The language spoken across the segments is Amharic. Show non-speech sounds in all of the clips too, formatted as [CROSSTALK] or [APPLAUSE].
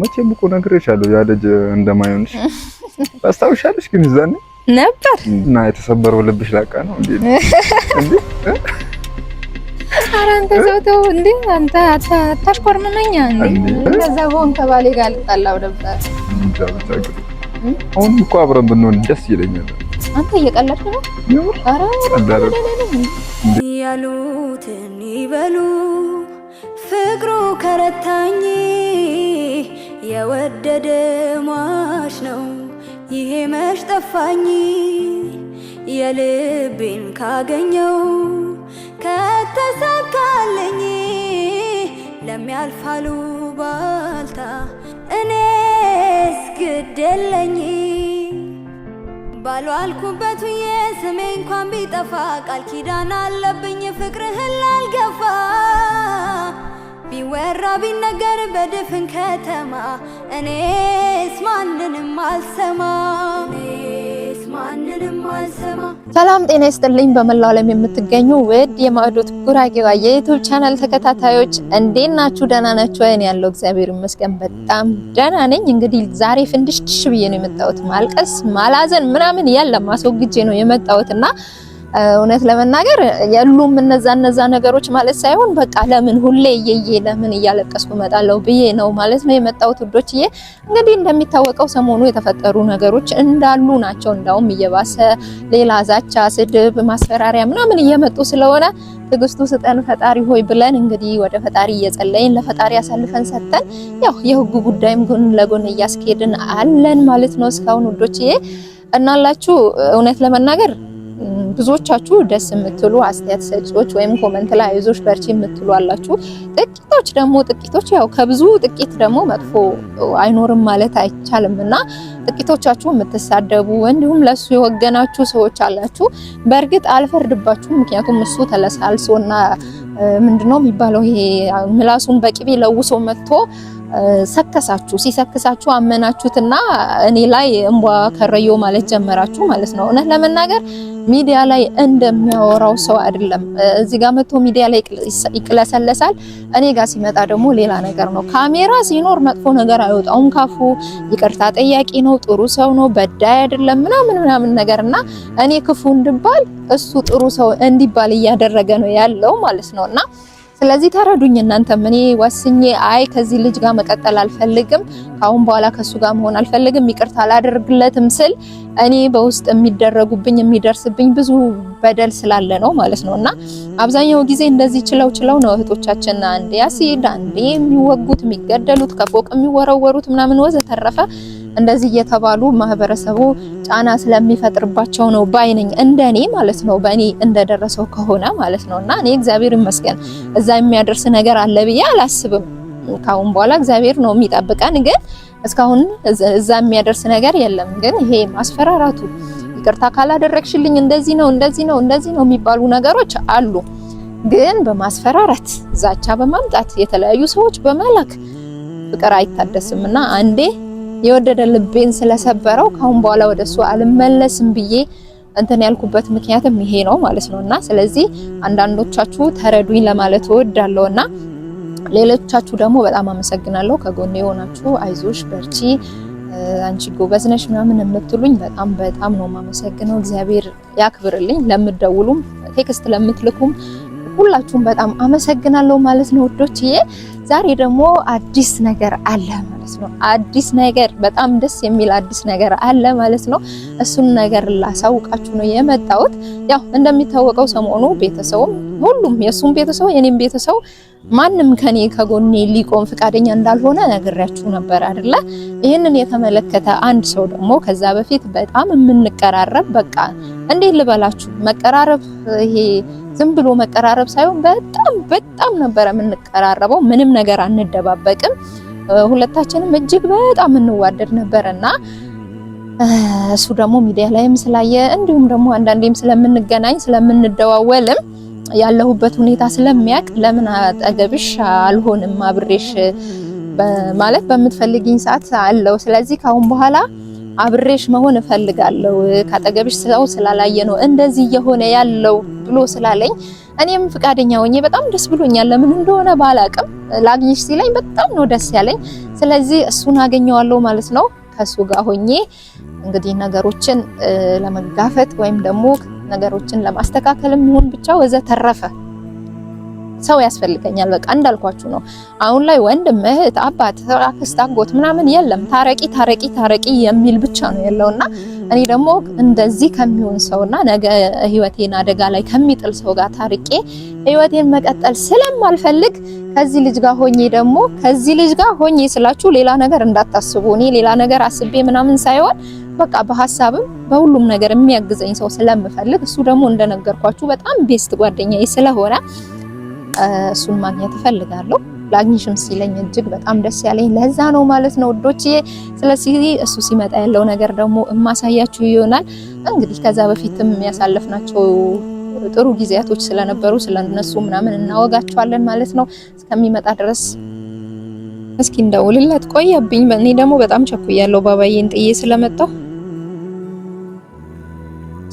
መቼም እኮ ነግሬሻለሁ ያ ልጅ እንደማይሆንሽ ታስታውሻለሽ። [LAUGHS] ግን እዛኔ ነበር እና የተሰበረው ልብሽ ላቃ ነው እንዴ? እንዴ? ኧረ አንተ ሰው ተው እንዴ! አንተ አታሽኮርምመኛ እንዴ? ከዛ በሆንክ ከባሌ ጋር ልጣላው ነበር። አሁን እኮ አብረን ብንሆን ደስ ይለኛል። አንተ እየቀለድክ ነው። ኧረ ያሉትን ይበሉ ፍቅሩ ከረታኝ የወደደ ሟች ነው ይሄ መሽጠፋኝ ጠፋኝ የልቤን ካገኘው ከተሳካልኝ ለሚያልፋሉ ባልታ እኔስ ግደለኝ ባሉ አልኩበት ውዬ ስሜ እንኳን ቢጠፋ ቃል ኪዳን አለብኝ ፍቅርህን ላልገፋ ቢወራ ቢነገር በድፍን ከተማ እኔስ ማንንም አልሰማ ሰላም ጤና ይስጥልኝ። በመላው ዓለም የምትገኙ ውድ የማዕዶት ጉራጌዋ የዩቱብ ቻናል ተከታታዮች እንዴት ናችሁ? ደህና ናችሁ? እኔ ያለው እግዚአብሔር ይመስገን በጣም ደህና ነኝ። እንግዲህ ዛሬ ፍንድሽ ድሽ ብዬ ነው የመጣሁት። ማልቀስ ማላዘን ምናምን የለም አስወግጄ ነው የመጣውትና። እውነት ለመናገር የሉም እነዛ እነዛ ነገሮች ማለት ሳይሆን በቃ ለምን ሁሌ እየዬ ለምን እያለቀስኩ እመጣለሁ ብዬ ነው ማለት ነው የመጣሁት ውዶችዬ። እንግዲህ እንደሚታወቀው ሰሞኑ የተፈጠሩ ነገሮች እንዳሉ ናቸው። እንዳውም እየባሰ ሌላ ዛቻ፣ ስድብ፣ ማስፈራሪያ ምናምን እየመጡ ስለሆነ ትግስቱ ስጠን ፈጣሪ ሆይ ብለን እንግዲህ ወደ ፈጣሪ እየጸለይን ለፈጣሪ አሳልፈን ሰጥተን ያው የህጉ ጉዳይም ጎን ለጎን እያስኬድን አለን ማለት ነው እስካሁን ውዶችዬ እናላችሁ እውነት ለመናገር ብዙዎቻችሁ ደስ የምትሉ አስተያየት ሰጪዎች ወይም ኮመንት ላይ አይዞሽ በርቺ የምትሉ አላችሁ። ጥቂቶች ደግሞ ጥቂቶች ያው ከብዙ ጥቂት ደግሞ መጥፎ አይኖርም ማለት አይቻልም እና ጥቂቶቻችሁ የምትሳደቡ እንዲሁም ለሱ የወገናችሁ ሰዎች አላችሁ። በእርግጥ አልፈርድባችሁም። ምክንያቱም እሱ እና ምንድነው የሚባለው ይሄ ምላሱን በቅቤ ለውሶ መጥቶ ሰከሳችሁ። ሲሰክሳችሁ አመናችሁትና እኔ ላይ እንቧ ከረዮ ማለት ጀመራችሁ ማለት ነው። እውነት ለመናገር ሚዲያ ላይ እንደሚያወራው ሰው አይደለም። እዚህ ጋር መጥቶ ሚዲያ ላይ ይቅለሰለሳል። እኔ ጋር ሲመጣ ደግሞ ሌላ ነገር ነው። ካሜራ ሲኖር መጥፎ ነገር አይወጣውም ካፉ። ይቅርታ ጠያቂ ነው፣ ጥሩ ሰው ነው፣ በዳይ አይደለም ምናምን ምናምን ነገር እና እኔ ክፉ እንድባል እሱ ጥሩ ሰው እንዲባል እያደረገ ነው ያለው ማለት ነው እና ስለዚህ ተረዱኝ እናንተም። እኔ ወስኜ አይ ከዚህ ልጅ ጋር መቀጠል አልፈልግም፣ ካሁን በኋላ ከሱ ጋር መሆን አልፈልግም፣ ይቅርታ አላደርግለትም ስል እኔ በውስጥ የሚደረጉብኝ የሚደርስብኝ ብዙ በደል ስላለ ነው ማለት ነው። እና አብዛኛው ጊዜ እንደዚህ ችለው ችለው ነው እህቶቻችን አንዴ ያሲድ አንዴ የሚወጉት የሚገደሉት፣ ከፎቅ የሚወረወሩት ምናምን ወዘተረፈ እንደዚህ እየተባሉ ማህበረሰቡ ጫና ስለሚፈጥርባቸው ነው ባይነኝ፣ እንደኔ ማለት ነው በእኔ እንደደረሰው ከሆነ ማለት ነው። እና እኔ እግዚአብሔር ይመስገን እዛ የሚያደርስ ነገር አለ ብዬ አላስብም። ካሁን በኋላ እግዚአብሔር ነው የሚጠብቀን። ግን እስካሁን እዛ የሚያደርስ ነገር የለም። ግን ይሄ ማስፈራራቱ ይቅርታ ካላደረግሽልኝ እንደዚህ ነው እንደዚህ ነው እንደዚህ ነው የሚባሉ ነገሮች አሉ። ግን በማስፈራራት ዛቻ በማምጣት የተለያዩ ሰዎች በመላክ ፍቅር አይታደስም እና አንዴ የወደደ ልቤን ስለሰበረው ካሁን በኋላ ወደ እሱ አልመለስም ብዬ እንትን ያልኩበት ምክንያትም ይሄ ነው ማለት ነውና፣ ስለዚህ አንዳንዶቻችሁ ተረዱኝ ለማለት እወዳለሁና ሌሎቻችሁ ደግሞ በጣም አመሰግናለሁ። ከጎን የሆናችሁ አይዞሽ፣ በርቺ፣ አንቺ ጎበዝ ነሽ ምናምን የምትሉኝ በጣም በጣም ነው የማመሰግነው። እግዚአብሔር ያክብርልኝ። ለምደውሉም ቴክስት ለምትልኩም ሁላችሁም በጣም አመሰግናለሁ ማለት ነው ውዶችዬ። ዛሬ ደግሞ አዲስ ነገር አለ ማለት ነው። አዲስ ነገር በጣም ደስ የሚል አዲስ ነገር አለ ማለት ነው። እሱን ነገር ላሳውቃችሁ ነው የመጣሁት። ያው እንደሚታወቀው ሰሞኑ ቤተሰቡም ሁሉም የእሱም ቤተሰቡ የኔም ቤተሰቡ ማንም ከኔ ከጎኔ ሊቆም ፈቃደኛ እንዳልሆነ ነግሬያችሁ ነበር አይደለ? ይህንን የተመለከተ አንድ ሰው ደግሞ ከዛ በፊት በጣም የምንቀራረብ በቃ እንዴት ልበላችሁ፣ መቀራረብ ይሄ ዝም ብሎ መቀራረብ ሳይሆን በጣም በጣም ነበረ የምንቀራረበው። ምንም ነገር አንደባበቅም። ሁለታችንም እጅግ በጣም እንዋደድ ነበርና እሱ ደግሞ ሚዲያ ላይም ስላየ እንዲሁም ደግሞ አንዳንዴም ስለምንገናኝ ስለምንደዋወልም ያለሁበት ሁኔታ ስለሚያውቅ ለምን አጠገብሽ አልሆንም አብሬሽ ማለት በምትፈልግኝ ሰዓት አለው። ስለዚህ ካሁን በኋላ አብሬሽ መሆን እፈልጋለሁ ካጠገብሽ ሰው ስላላየ ነው እንደዚህ እየሆነ ያለው ብሎ ስላለኝ እኔም ፍቃደኛ ሆኜ በጣም ደስ ብሎኛል። ለምን እንደሆነ ባላቅም ላግኝሽ ሲለኝ በጣም ነው ደስ ያለኝ። ስለዚህ እሱን አገኘዋለሁ ማለት ነው። ከሱ ጋር ሆኜ እንግዲህ ነገሮችን ለመጋፈጥ ወይም ደግሞ ነገሮችን ለማስተካከልም ይሁን ብቻ ወዘ ተረፈ ሰው ያስፈልገኛል። በቃ እንዳልኳችሁ ነው። አሁን ላይ ወንድም፣ እህት፣ አባት፣ አክስት፣ አጎት ምናምን የለም። ታረቂ ታረቂ ታረቂ የሚል ብቻ ነው ያለውና እኔ ደግሞ እንደዚህ ከሚሆን ሰውና ነገ ህይወቴን አደጋ ላይ ከሚጥል ሰው ጋር ታርቄ ህይወቴን መቀጠል ስለማልፈልግ ከዚህ ልጅ ጋር ሆኜ ደግሞ ከዚህ ልጅ ጋር ሆኜ ስላችሁ ሌላ ነገር እንዳታስቡ። እኔ ሌላ ነገር አስቤ ምናምን ሳይሆን በቃ በሀሳብም በሁሉም ነገር የሚያግዘኝ ሰው ስለምፈልግ እሱ ደግሞ እንደነገርኳችሁ በጣም ቤስት ጓደኛዬ ስለሆነ እሱን ማግኘት እፈልጋለሁ። ላግኝሽም ሲለኝ እጅግ በጣም ደስ ያለኝ ለዛ ነው ማለት ነው ወዶቼ። ስለዚህ እሱ ሲመጣ ያለው ነገር ደግሞ ማሳያችሁ ይሆናል። እንግዲህ ከዛ በፊትም ያሳለፍናቸው ጥሩ ጊዜያቶች ስለነበሩ ስለነሱ ምናምን እናወጋቸዋለን ማለት ነው። እስከሚመጣ ድረስ እስኪ እንደውልለት ቆየብኝ። እኔ ደግሞ በጣም ቸኩያለሁ ባባዬን ጥዬ ስለመጣሁ።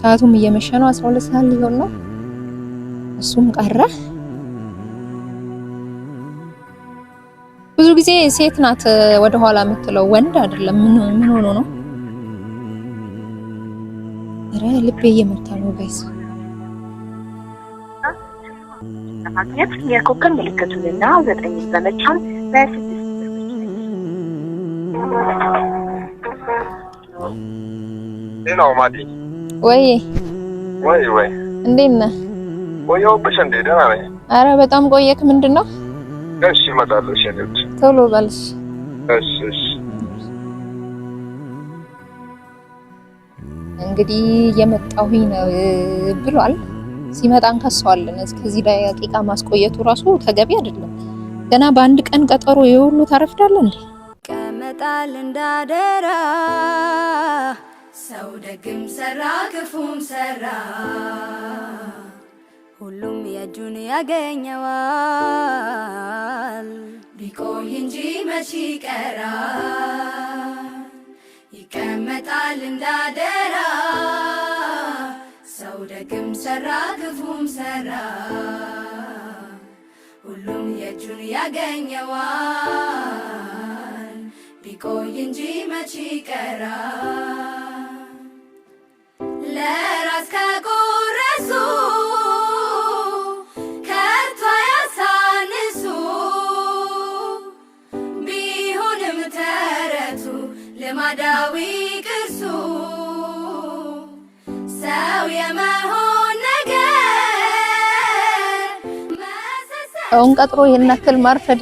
ሰዓቱም እየመሸ ነው፣ 12 ሰዓት ሊሆን ነው። እሱም ቀረ። ብዙ ጊዜ ሴት ናት ወደኋላ የምትለው ወንድ አይደለም። ምን ምን ሆኖ ነው? ኧረ ልቤ እየመታ ነው ጋይስ ለማግኘት የኮከብ ምልክቱንና ዘጠኝ በመጫን ሌላው ማዲ ወይ ወይ ወይ እንዴት ነህ? ቆየሁብሽ እንዴ? ደህና ነኝ። አረ በጣም ቆየክ። ምንድን ነው? እሺ እመጣለሁ። እሺ ቶሎ በልሽ። እሺ እሺ። እንግዲህ የመጣሁኝ ነው ብሏል። ሲመጣ እንከሰዋለን። ደቂቃ ማስቆየቱ ራሱ ተገቢ አይደለም። ገና በአንድ ቀን ቀጠሮ የሁሉ ታረፍዳለህ እንዴ? ይመጣል እንዳደራ። ሰው ደግም ሰራ ክፉም ሰራ ሁሉም የእጁን ያገኘዋል። ቢቆይ እንጂ መች ቀራ ይቀመጣል እንዳደራ። ሰው ደግም ሰራ ክፉም ሰራ ሁሉም የእጁን ያገኘዋል። ቆይ እንጂ መቼ ቀራ ለራስ ከጎረሱ ከርቷ ያሳንሱ ቢሆንም ተረቱ ልማዳዊ ቅርሱ ሰው የመሆን ነገር ቀጥሮ ይህን ያክል ማርፈድ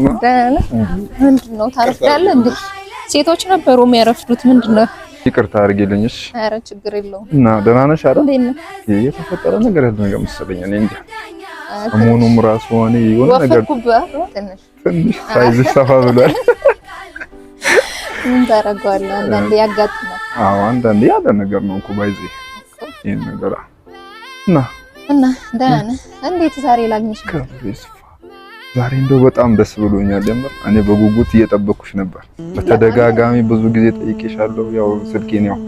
ምንድን ነው ታረፍዳለህ እንዴ? ሴቶች ነበሩ የሚያረፍዱት። ምንድን ነው? ይቅርታ አድርጌልኝ። እሺ፣ ኧረ ችግር የለውም። እና ደህና ነሽ አይደል? የተፈጠረ ነገር ያለ ነገር መሰለኝ። እኔ እንጃ ሰሞኑን እራሱ እኔ የሆነ ነገር ትንሽ ሳይዝሽ ሰፋ ብሏል። ምን ታደርገዋለህ? አንዳንዴ ያጋጥማል። አዎ፣ አንዳንዴ ያለ ነገር ነው እኮ ባይዚ ይሄን ነገር እና እና ደህና ነህ? እንዴት ዛሬ ላግኝሽ? ዛሬ እንደው በጣም ደስ ብሎኛል። የምር እኔ በጉጉት እየጠበኩሽ ነበር። በተደጋጋሚ ብዙ ጊዜ ጠይቄሻለሁ። ያው ስልኬን ያው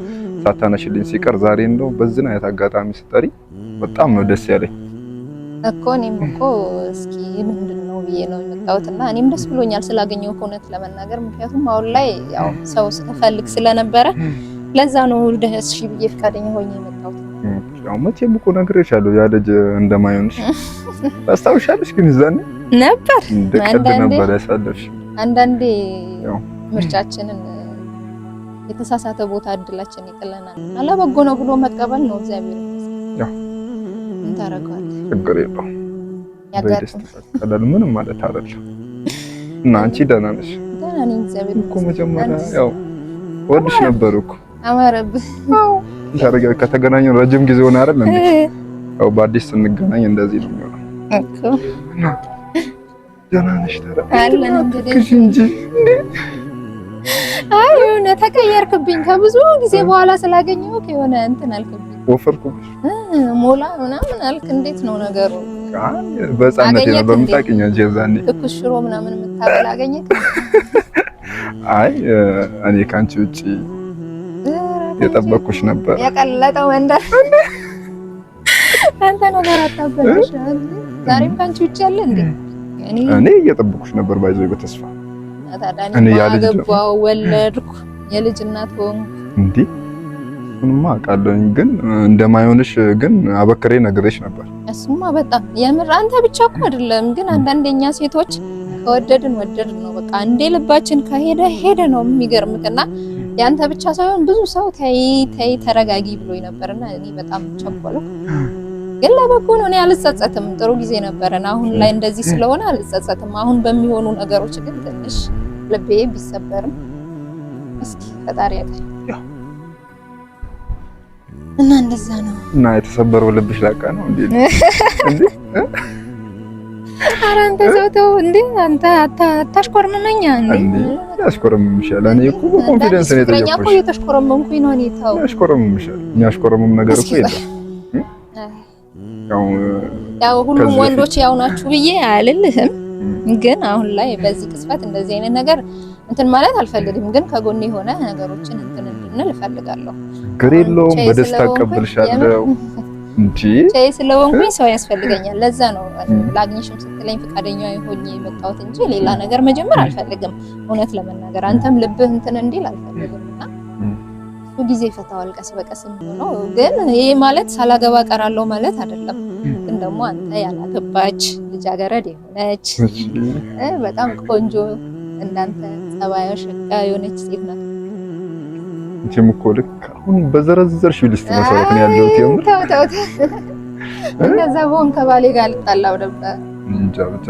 ሳታነሽልኝ ሲቀር ዛሬ እንደው በዝን አይነት አጋጣሚ ስጠሪ በጣም ነው ደስ ያለኝ እኮ እኔም እኮ እስኪ ምንድን ነው ብዬ ነው የመጣሁት እና እኔም ደስ ብሎኛል ስላገኘው እውነት ለመናገር ምክንያቱም አሁን ላይ ያው ሰው ስፈልግ ስለነበረ ለዛ ነው ደስ ሺ ብዬ ፈቃደኛ ሆኜ የመጣሁት። ያው መቼም እኮ ነግሬሻለሁ ያ ልጅ እንደማይሆንሽ ታስታውሻለሽ [LAUGHS] ግን ይዛኔ ነበር እንደ ነበር ያሳለፍሽ። አንዳንዴ ምርጫችንን የተሳሳተ ቦታ እድላችን ይጥለናል። አለበጎ ነው ብሎ መቀበል ነው። እግዚአብሔር እንታረቀዋለን። ችግር የለውም። ያጋጥማል። ምንም ማለት አይደለም። እና አንቺ ደህና ነሽ? ደህና ነኝ እግዚአብሔር ይመስገን። መጀመሪያ ያው ወድሽ ነበር እኮ አማረብህ። ታረጋ ከተገናኘን ረጅም ጊዜ ሆነ አይደል እንዴ? ያው በአዲስ ስንገናኝ እንደዚህ ነው የሚሆነው እኮ ደህና ነሽ? የሆነ ተቀየርክብኝ። ከብዙ ጊዜ በኋላ ስላገኘሁት የሆነ እንትን አልክብኝ፣ ወፈርኩብሽ፣ ሞላ ምናምን አልክ። እንዴት ነው ነገሩ? በሕፃንነት ነው በምታውቂኝ እንጂ የዛኔ ትኩስ ሽሮ ምናምን የምታበላ አገኘት። [LAUGHS] አይ እኔ ከአንቺ ውጪ የጠበቅኩሽ ነበር። የቀለጠው መንደር [LAUGHS] አንተ ነገር አታበላሽ። ዛሬም ከአንቺ ውጪ አለ እንዴ? እኔ እየጠበኩሽ ነበር ባይዘው በተስፋ እኔ ያ ልጅ ወለድኩ የልጅ እናት ሆንኩ እንዴ እሱንማ አውቃለሁኝ ግን እንደማይሆንሽ ግን አበክሬ ነግሬሽ ነበር እሱማ በጣም የምር አንተ ብቻ እኮ አይደለም ግን አንዳንደኛ ሴቶች ከወደድን ወደድን ነው በቃ እንዴ ልባችን ከሄደ ሄደ ነው የሚገርምክና ያንተ ብቻ ሳይሆን ብዙ ሰው ተይ ተይ ተረጋጊ ብሎኝ ነበርና እኔ በጣም ቸኮልኩ ግን ለበጎ ነው። እኔ አልጸጸትም። ጥሩ ጊዜ ነበረን። አሁን ላይ እንደዚህ ስለሆነ አልጸጸትም። አሁን በሚሆኑ ነገሮች ግን ትንሽ ልቤ ቢሰበርም እስኪ ፈጣሪ ያውቃል። እና እንደዛ ነው። እና የተሰበረው ልብሽ ላቃ ነው እንዴ? አንተ ሰው ተው እንዴ! አንተ አታሽኮርምመኛ እንዴ? ያሽኮረምምሻል። እኔ እኮ በኮንፊደንስ ነው የጠየኩሽ። እኮ እየተሽኮረመምኩኝ ነው እኔ። ተው ያሽኮረምምሻል። የሚያሽኮረምም ነገር እኮ የለም። ያው ሁሉም ወንዶች ያው ናችሁ ብዬ አልልህም፣ ግን አሁን ላይ በዚህ ቅጽበት እንደዚህ አይነት ነገር እንትን ማለት አልፈልግም፣ ግን ከጎን የሆነ ነገሮችን እንትን እንድንል እፈልጋለሁ። ግር የለውም በደስታ አቀብልሻለሁ እንጂ ቻይ ስለሆንኩኝ ሰው ያስፈልገኛል። ለዛ ነው ላግኝሽም ስትለኝ ፈቃደኛ ሆኜ የመጣሁት እንጂ ሌላ ነገር መጀመር አልፈልግም። እውነት ለመናገር አንተም ልብህ እንትን እንዲል አልፈልግም እና ጊዜ ፈታዋል ቀስ በቀስ ነው። ግን ይህ ማለት ሳላገባ ቀራለው ማለት አይደለም። ግን ደግሞ አንተ ያላገባች ልጃገረድ የሆነች በጣም ቆንጆ እንዳንተ ጸባዩ ሸጋ የሆነች ሴት ናት። እንቺም እኮ ልክ አሁን በዘረዘርሽ ሊስት መሰረት ነው ያለው። ይሁን ተው ተው እንደዛ በሆን ከባሌ ጋር ልጣላው ነበር። እንጃ ብቻ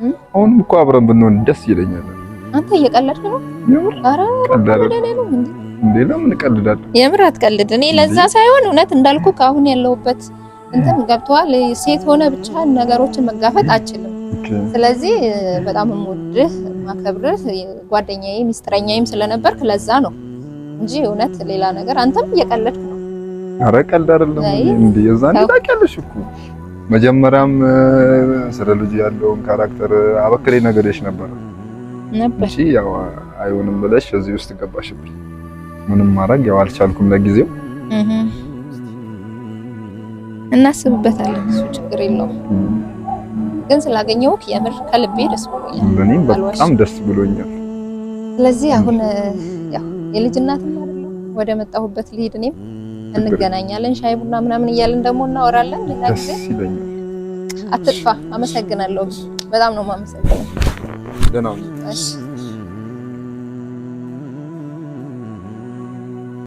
ግን አሁንም እኮ አብረን ብንሆን ደስ ይለኛል። አንተ እየቀለድክ ነው። ኧረ እንዴ ለምን እቀልዳለሁ? የምር አትቀልድ። እኔ ለዛ ሳይሆን እውነት እንዳልኩ ከአሁን ያለውበት እንትን ገብተዋል። ሴት ሆነ ብቻ ነገሮችን መጋፈጥ አችልም። ስለዚህ በጣም የምወድህ ማከብርህ ጓደኛዬ ሚስጥረኛዬም ስለነበርክ ለዛ ነው እንጂ እውነት ሌላ ነገር አንተም እየቀለድክ ነው። አረ ቀልድ አይደለም እንዴ የዛ የዛን ታውቂያለሽ እኮ መጀመሪያም ስለ ልጅ ያለውን ካራክተር አበክሬ ነገርሽ ነበር። ነበር እንጂ ያው አይሆንም ብለሽ እዚህ ውስጥ ገባሽብኝ። ምንም ማድረግ ያው አልቻልኩም ለጊዜው። እናስብበታለን፣ እሱ ችግር የለውም። ግን ስላገኘሁህ የምር ከልቤ ደስ ብሎኛል። እኔም በጣም ደስ ብሎኛል። ስለዚህ አሁን ያው የልጅ እናትም ወደ መጣሁበት ልሄድ እኔም እንገናኛለን ሻይ ቡና ምናምን እያልን ደግሞ እናወራለን። ሌላ ጊዜ አትጥፋ። አመሰግናለሁ። በጣም ነው የማመሰግነው። ደህና